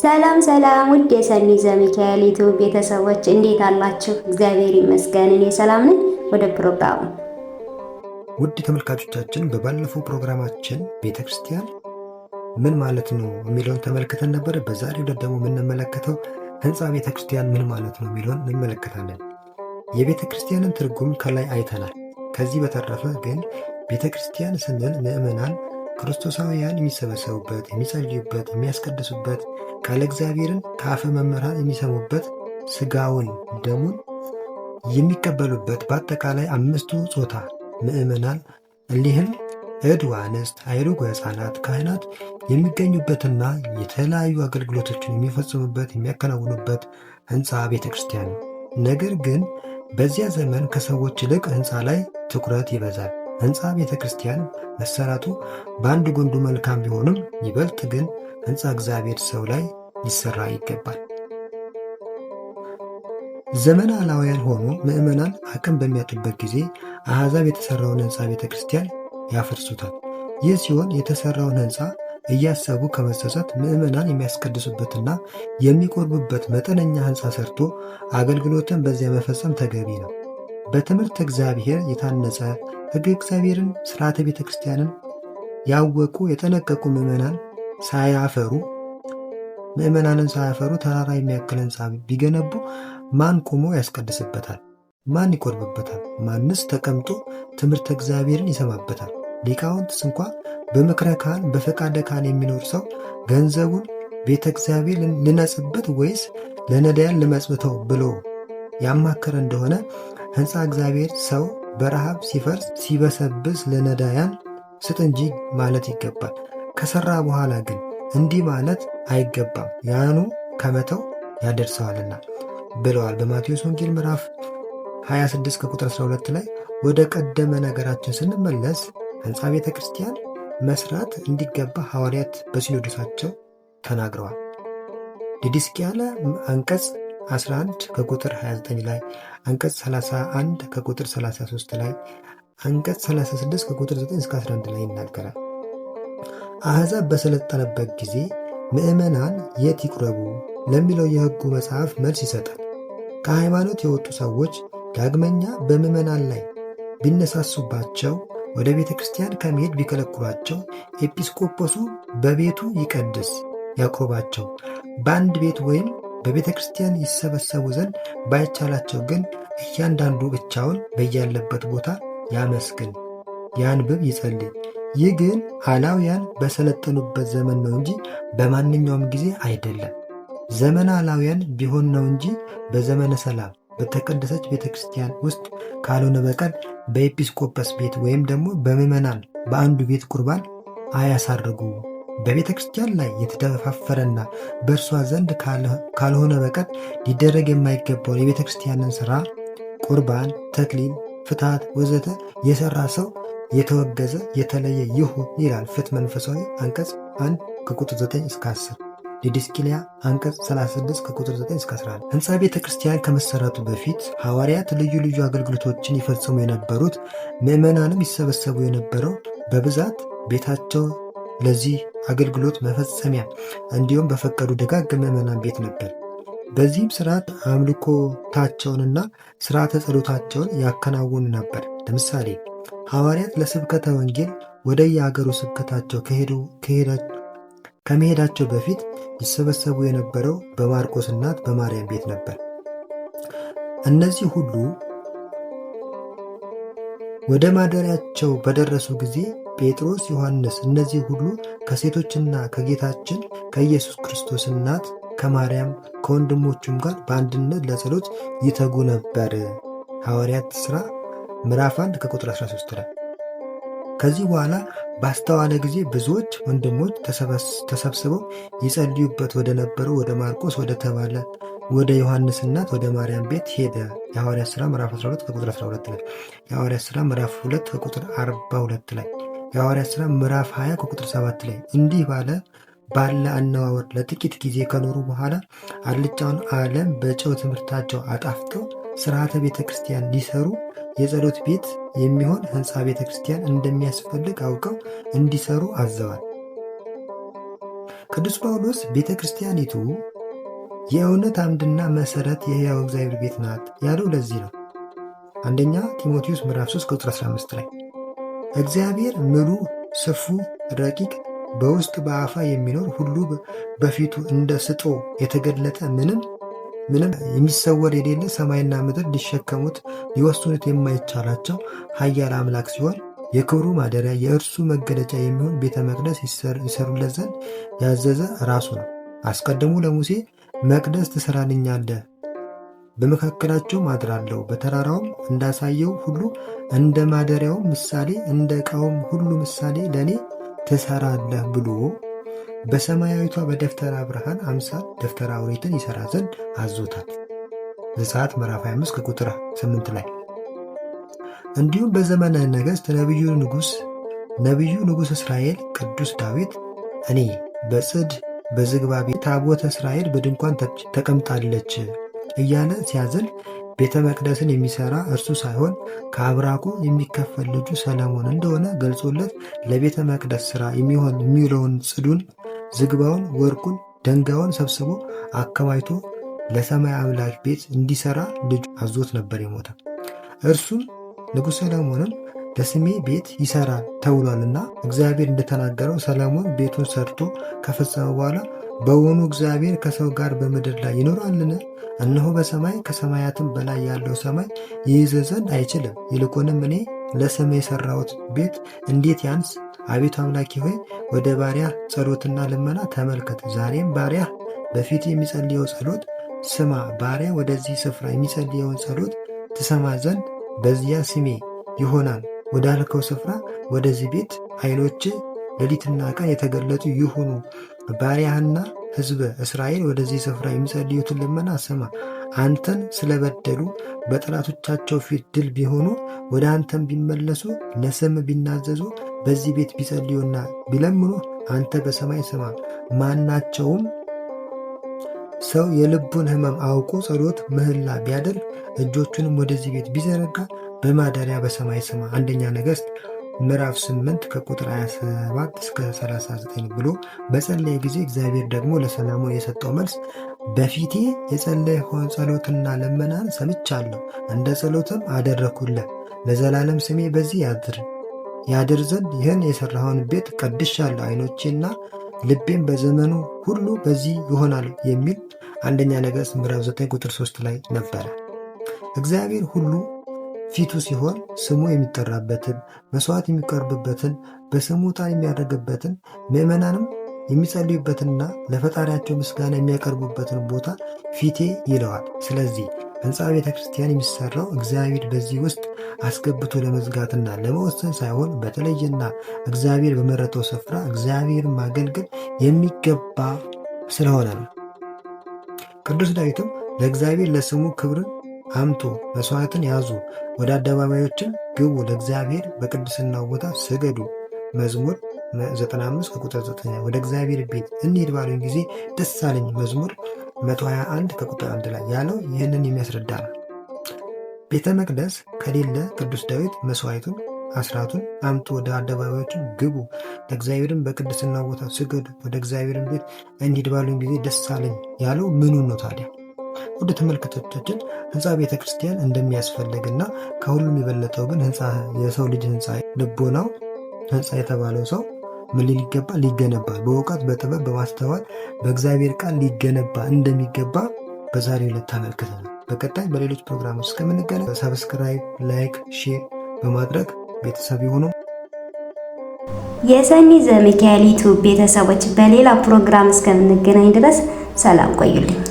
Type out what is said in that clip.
ሰላም ሰላም ውድ የሰኒ ዘሚካኤል ዩቲዩብ ቤተሰቦች እንዴት አላችሁ? እግዚአብሔር ይመስገን እኔ ሰላም ነኝ። ወደ ፕሮግራሙ ውድ ተመልካቾቻችን በባለፈው ፕሮግራማችን ቤተ ክርስቲያን ምን ማለት ነው የሚለውን ተመልክተን ነበር። በዛሬ ዕለት ደግሞ የምንመለከተው ህንፃ ቤተ ክርስቲያን ምን ማለት ነው የሚለውን እንመለከታለን። የቤተ ክርስቲያንን ትርጉም ከላይ አይተናል። ከዚህ በተረፈ ግን ቤተ ክርስቲያን ስንል ምዕመናን ክርስቶሳውያን የሚሰበሰቡበት፣ የሚጸልዩበት፣ የሚያስቀድሱበት ቃለ እግዚአብሔርን ከአፈ መምህራን የሚሰሙበት ስጋውን ደሙን የሚቀበሉበት በአጠቃላይ አምስቱ ጾታ ምእመናን እሊህም እድዋ አንስት፣ አይሩጉ ሕፃናት፣ ካህናት የሚገኙበትና የተለያዩ አገልግሎቶችን የሚፈጽሙበት የሚያከናውኑበት ህንፃ ቤተ ክርስቲያን ነው። ነገር ግን በዚያ ዘመን ከሰዎች ይልቅ ህንፃ ላይ ትኩረት ይበዛል። ህንፃ ቤተ ክርስቲያን መሰራቱ በአንድ ጎንዱ መልካም ቢሆንም ይበልጥ ግን ህንፃ እግዚአብሔር ሰው ላይ ሊሰራ ይገባል። ዘመን አላውያን ሆኖ ምዕመናን አቅም በሚያጡበት ጊዜ አሕዛብ የተሠራውን ህንፃ ቤተ ክርስቲያን ያፈርሱታል። ይህ ሲሆን የተሠራውን ህንፃ እያሰቡ ከመጸጸት ምዕመናን የሚያስቀድሱበትና የሚቆርቡበት መጠነኛ ህንፃ ሰርቶ አገልግሎትን በዚያ መፈጸም ተገቢ ነው። በትምህርት እግዚአብሔር የታነጸ ሕግ እግዚአብሔርን፣ ሥርዓተ ቤተ ክርስቲያንን ያወቁ የጠነቀቁ ምእመናን ሳያፈሩ ምእመናንን ሳያፈሩ ተራራ የሚያክል ሕንፃ ቢገነቡ ማን ቆሞ ያስቀድስበታል? ማን ይቆርብበታል? ማንስ ተቀምጦ ትምህርተ እግዚአብሔርን ይሰማበታል? ሊቃውንትስ እንኳ በምክረ ካህን በፈቃደ ካህን የሚኖር ሰው ገንዘቡን ቤተ እግዚአብሔር ልነጽበት ወይስ ለነዳያን ልመጽብተው ብሎ ያማከረ እንደሆነ ሕንፃ እግዚአብሔር ሰው በረሃብ ሲፈርስ ሲበሰብስ ለነዳያን ስጥ እንጂ ማለት ይገባል። ከሠራ በኋላ ግን እንዲህ ማለት አይገባም፣ ያኑ ከመተው ያደርሰዋልና ብለዋል በማቴዎስ ወንጌል ምዕራፍ 26 ከቁጥር 12 ላይ። ወደ ቀደመ ነገራችን ስንመለስ ሕንፃ ቤተ ክርስቲያን መስራት እንዲገባ ሐዋርያት በሲኖዶሳቸው ተናግረዋል። ዲድስቅያ ያለ አንቀጽ 11 ከቁጥር 29 ላይ አንቀጽ 31 ከቁጥር 33 ላይ አንቀጽ 36 ከቁጥር 9 እስከ 11 ላይ ይናገራል። አሕዛብ በሰለጠነበት ጊዜ ምዕመናን የት ይቁረቡ ለሚለው የሕጉ መጽሐፍ መልስ ይሰጣል። ከሃይማኖት የወጡ ሰዎች ዳግመኛ በምዕመናን ላይ ቢነሳሱባቸው ወደ ቤተ ክርስቲያን ከመሄድ ቢከለክሏቸው ኤጲስቆጶሱ በቤቱ ይቀድስ ያቁርባቸው። በአንድ ቤት ወይም በቤተ ክርስቲያን ይሰበሰቡ ዘንድ ባይቻላቸው ግን እያንዳንዱ ብቻውን በያለበት ቦታ ያመስግን፣ ያንብብ፣ ይጸልይ። ይህ ግን አላውያን በሰለጠኑበት ዘመን ነው እንጂ በማንኛውም ጊዜ አይደለም። ዘመነ አላውያን ቢሆን ነው እንጂ በዘመነ ሰላም በተቀደሰች ቤተ ክርስቲያን ውስጥ ካልሆነ በቀር በኤጲስቆጶስ ቤት ወይም ደግሞ በምዕመናን በአንዱ ቤት ቁርባን አያሳርጉ። በቤተ ክርስቲያን ላይ የተደፋፈረና በእርሷ ዘንድ ካልሆነ በቀር ሊደረግ የማይገባውን የቤተ ክርስቲያንን ስራ ቁርባን፣ ተክሊል፣ ፍትሐት ወዘተ የሰራ ሰው የተወገዘ የተለየ ይሁን ይላል ፍት መንፈሳዊ አንቀጽ 1 ከቁጥር 9 እስከ 10 የዲስቅልያ አንቀጽ 36 ከቁጥር 9 እስከ 11። ህንፃ ቤተ ክርስቲያን ከመሰረቱ በፊት ሐዋርያት ልዩ ልዩ አገልግሎቶችን ይፈጽሙ የነበሩት ምዕመናንም ይሰበሰቡ የነበረው በብዛት ቤታቸው ለዚህ አገልግሎት መፈጸሚያ እንዲሁም በፈቀዱ ደጋግ ምዕመናን ቤት ነበር። በዚህም ስርዓት አምልኮታቸውንና ስርዓተ ጸሎታቸውን ያከናውኑ ነበር። ለምሳሌ ሐዋርያት ለስብከተ ወንጌል ወደ የአገሩ ስብከታቸው ከመሄዳቸው በፊት ይሰበሰቡ የነበረው በማርቆስ እናት በማርያም ቤት ነበር። እነዚህ ሁሉ ወደ ማደሪያቸው በደረሱ ጊዜ ጴጥሮስ፣ ዮሐንስ እነዚህ ሁሉ ከሴቶችና ከጌታችን ከኢየሱስ ክርስቶስ እናት ከማርያም ከወንድሞቹም ጋር በአንድነት ለጸሎት ይተጉ ነበር። ሐዋርያት ሥራ ምዕራፍ 1 ከቁጥር 13 ላይ። ከዚህ በኋላ ባስተዋለ ጊዜ ብዙዎች ወንድሞች ተሰብስበው ይጸልዩበት ወደ ነበረው ወደ ማርቆስ ወደ ተባለ ወደ ዮሐንስ እናት ወደ ማርያም ቤት ሄደ። የሐዋርያ ሥራ ምዕራፍ 12 ከቁጥር 12 ላይ የሐዋርያ ሥራ ምዕራፍ 2 ከቁጥር 42 ላይ የሐዋርያ ሥራ ምዕራፍ 20 ከቁጥር 7 ላይ እንዲህ ባለ ባለ አነዋወር ለጥቂት ጊዜ ከኖሩ በኋላ አልጫውን ዓለም በጨው ትምህርታቸው አጣፍተው ስርዓተ ቤተ ክርስቲያን ሊሰሩ የጸሎት ቤት የሚሆን ሕንፃ ቤተ ክርስቲያን እንደሚያስፈልግ አውቀው እንዲሰሩ አዘዋል። ቅዱስ ጳውሎስ ቤተ ክርስቲያኒቱ የእውነት አምድና መሰረት የሕያው እግዚአብሔር ቤት ናት ያለው ለዚህ ነው። አንደኛ ጢሞቴዎስ ምዕራፍ 3 ቁጥር 15 ላይ እግዚአብሔር ምሉ ስፉ ረቂቅ በውስጥ በአፋ የሚኖር ሁሉ በፊቱ እንደ ስጦ የተገለጠ ምንም ምንም የሚሰወር የሌለ ሰማይና ምድር ሊሸከሙት ሊወስኑት የማይቻላቸው ኃያል አምላክ ሲሆን የክብሩ ማደሪያ የእርሱ መገለጫ የሚሆን ቤተ መቅደስ ይሰሩለት ዘንድ ያዘዘ ራሱ ነው። አስቀድሞ ለሙሴ መቅደስ ትሠራልኛለህ፣ በመካከላቸውም አድራለሁ። በተራራውም እንዳሳየው ሁሉ እንደ ማደሪያውም ምሳሌ እንደ ዕቃውም ሁሉ ምሳሌ ለእኔ ትሠራለህ ብሎ በሰማያዊቷ በደብተራ ብርሃን አምሳል ደብተራ ኦሪትን ይሠራ ዘንድ አዞታል። ዘጸአት ምዕራፍ 25 ከቁጥር 8 ላይ እንዲሁም በዘመነ ነገሥት ነቢዩ ንጉሥ ነቢዩ ንጉሥ እስራኤል ቅዱስ ዳዊት እኔ በጽድ በዝግባ ቤት ታቦተ እስራኤል በድንኳን ተቀምጣለች እያለ ሲያዝን ቤተ መቅደስን የሚሰራ እርሱ ሳይሆን ከአብራኩ የሚከፈል ልጁ ሰለሞን እንደሆነ ገልጾለት ለቤተ መቅደስ ሥራ የሚሆን የሚውለውን ጽዱን፣ ዝግባውን፣ ወርቁን፣ ደንጋውን ሰብስቦ አከማይቶ ለሰማይ አምላክ ቤት እንዲሰራ ልጁ አዞት ነበር የሞተ እርሱም ንጉሥ ሰለሞንም በስሜ ቤት ይሰራል ተብሏልና እግዚአብሔር እንደተናገረው ሰለሞን ቤቱን ሰርቶ ከፈጸመ በኋላ በውኑ እግዚአብሔር ከሰው ጋር በምድር ላይ ይኖራልን? እነሆ በሰማይ ከሰማያትም በላይ ያለው ሰማይ ይይዘ ዘንድ አይችልም። ይልቁንም እኔ ለስሜ የሰራሁት ቤት እንዴት ያንስ? አቤቱ አምላኪ ሆይ ወደ ባሪያ ጸሎትና ልመና ተመልከት። ዛሬም ባሪያ በፊት የሚጸልየው ጸሎት ስማ። ባሪያ ወደዚህ ስፍራ የሚጸልየውን ጸሎት ትሰማ ዘንድ በዚያ ስሜ ይሆናል ወዳልከው ስፍራ ወደዚህ ቤት ዓይኖች ሌሊትና ቀን የተገለጡ ይሁኑ። ባሪያህና ሕዝበ እስራኤል ወደዚህ ስፍራ የሚጸልዩትን ልመና ስማ። አንተን ስለበደሉ በጠላቶቻቸው ፊት ድል ቢሆኑ፣ ወደ አንተን ቢመለሱ፣ ለስም ቢናዘዙ፣ በዚህ ቤት ቢጸልዩና ቢለምኑ አንተ በሰማይ ስማ። ማናቸውም ሰው የልቡን ሕመም አውቆ ጸሎት ምህላ ቢያደርግ እጆቹንም ወደዚህ ቤት ቢዘረጋ በማደሪያ በሰማይ ስማ አንደኛ ነገሥት ምዕራፍ 8 ከቁጥር 27 እስከ 39 ብሎ በጸለየ ጊዜ እግዚአብሔር ደግሞ ለሰላሙ የሰጠው መልስ በፊቴ የጸለይኸውን ጸሎትና ለመናን ሰምቻለሁ፣ እንደ ጸሎትም አደረግሁልህ። ለዘላለም ስሜ በዚህ ያድር ያድር ዘንድ ይህን የሠራኸውን ቤት ቀድሻለሁ። ዓይኖቼና ልቤም በዘመኑ ሁሉ በዚህ ይሆናል የሚል አንደኛ ነገሥት ምዕራፍ 9 ቁጥር 3 ላይ ነበረ። እግዚአብሔር ሁሉ ፊቱ ሲሆን ስሙ የሚጠራበትን መስዋዕት የሚቀርብበትን በስሙ ዕጣን የሚያደርግበትን ምዕመናንም የሚጸልዩበትንና ለፈጣሪያቸው ምስጋና የሚያቀርቡበትን ቦታ ፊቴ ይለዋል። ስለዚህ ሕንፃ ቤተ ክርስቲያን የሚሰራው እግዚአብሔር በዚህ ውስጥ አስገብቶ ለመዝጋትና ለመወሰን ሳይሆን በተለየና እግዚአብሔር በመረጠው ስፍራ እግዚአብሔርን ማገልገል የሚገባ ስለሆነ ነው። ቅዱስ ዳዊትም ለእግዚአብሔር ለስሙ ክብርን አምጡ፣ መሥዋዕትን ያዙ፣ ወደ አደባባዮችን ግቡ፣ ለእግዚአብሔር በቅድስናው ቦታ ስገዱ። መዝሙር 95 ከቁጥር 9 ወደ እግዚአብሔር ቤት እንሂድ ባሉኝ ጊዜ ደስ አለኝ። መዝሙር 121 ከቁጥር 1 ላይ ያለው ይህንን የሚያስረዳ ነው። ቤተ መቅደስ ከሌለ ቅዱስ ዳዊት መሥዋዕቱን አስራቱን አምጡ፣ ወደ አደባባዮችን ግቡ፣ ለእግዚአብሔርን በቅድስና ቦታ ስገዱ፣ ወደ እግዚአብሔርን ቤት እንሂድ ባሉኝ ጊዜ ደስ አለኝ ያለው ምኑን ነው ታዲያ? ውድ ተመልካቾቻችን ህንፃ ቤተ ክርስቲያን እንደሚያስፈልግና ከሁሉም የበለጠው ግን የሰው ልጅ ህንፃ ልቦናው ህንፃ የተባለው ሰው ምን ሊል ይገባል? ሊገነባ በእውቀት በጥበብ በማስተዋል በእግዚአብሔር ቃል ሊገነባ እንደሚገባ በዛሬ ዕለት ተመልክተናል። በቀጣይ በሌሎች ፕሮግራሞች እስከምንገናኝ ሰብስክራይብ፣ ላይክ፣ ሼር በማድረግ ቤተሰብ የሆኑ የሰኒ ዘሚካኤል ዩቲዩብ ቤተሰቦች በሌላ ፕሮግራም እስከምንገናኝ ድረስ ሰላም ቆዩልኝ።